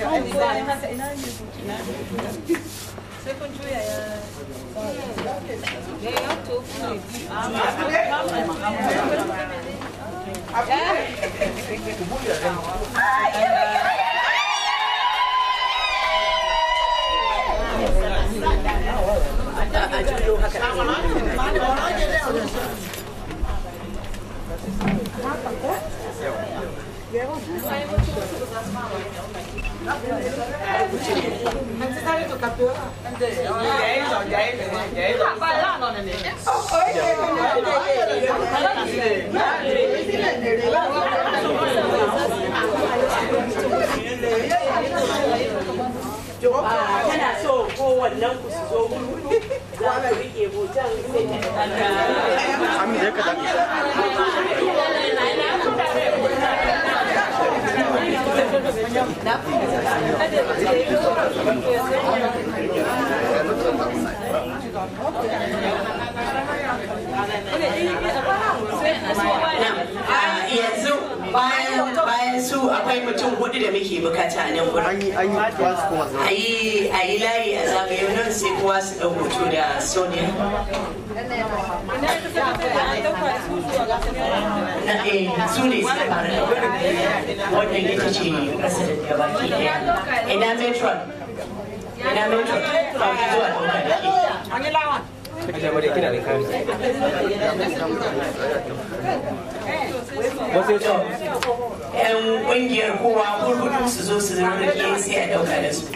Không, vừa em sẽ nói như của chị Nam. Sẽ con chui à. Nghe ốc chú cười. À, mà không biết. À, Hãy subscribe cho kênh Ghiền Mì Gõ Để không bỏ lỡ những video hấp dẫn tana so ko wannan ku su zo wuri za ku rike hoton sai ka 对对对，对对对。yanzu akwai mutum hudu da muke bukata nan wurin yi layi a zagaye nan sai kowa su ɗau hoto da sonia na eh, su ne suka fara da wannan ita ce baki ɗaya ina metron ina metron yan kungiyar kowa kurkudun su zo su zama da ke sai a dauka da su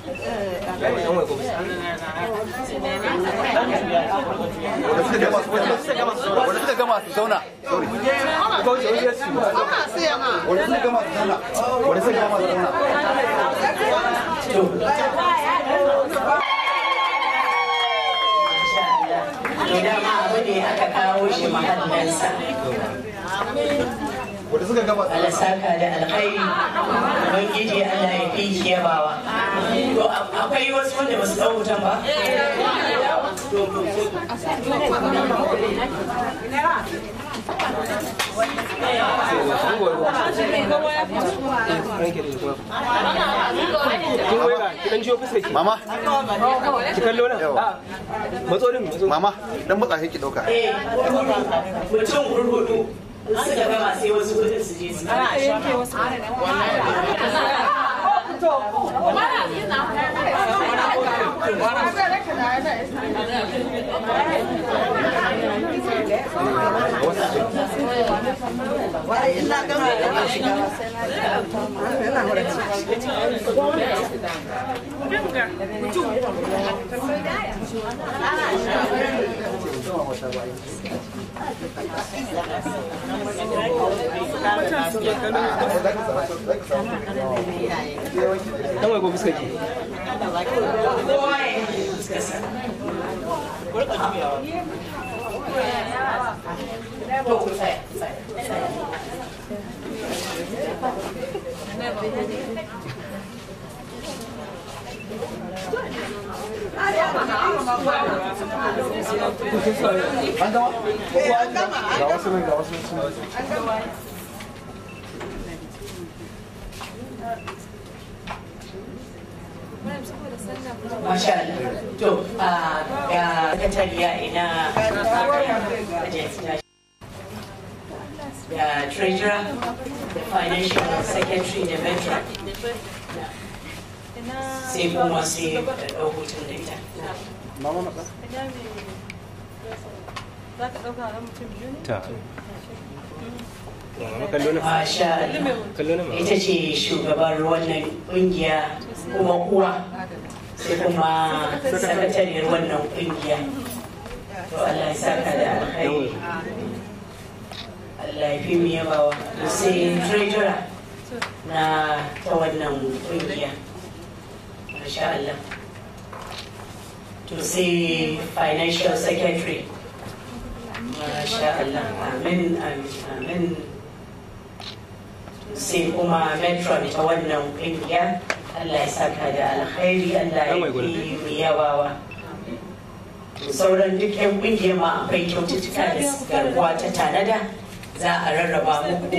我的这个干嘛？收呢？收里。高九也是。我的这个干嘛？收呢？我的这个干嘛？收呢？Idan ma abu ne aka kawo shi wanda suka da alkhairi ubangiji Allah ya fi shi to akwai wasu wanda ba su dau wutan ba Mama, ki kallo Matsolin Mama, dan matsa ki dauka. Eh, mutum hurhudu. 你干嘛？谁有资格说这些？哎，你有啥嘞？我来。我来。我来。我来。Давай его выскочи. Давай. 哎呀！那不晒晒晒！那不那那那 Masha Allah. a ga sakatariya ina da treasurer, da financial secretary da veteran. Sai kuma sai da da ita. za ka ita ce shugaban wannan kungiya kuma uwa sai kuma sakatariyar wannan kungiya to Allah ya saka da alkhairi Allah ya fi mu yabawa sai treasurer na ta wannan kungiya masha Allah to sai financial secretary Masha Allah, amin, amin, amin. Sai kuma Metron ta wannan ƙungiya, Allah ya saka da alkhairi, Allah ya yi yawawa. Sauran duk 'yan ƙungiyar ma akwai kyaututtuka da garkuwa ta tanada za a rarraba muku.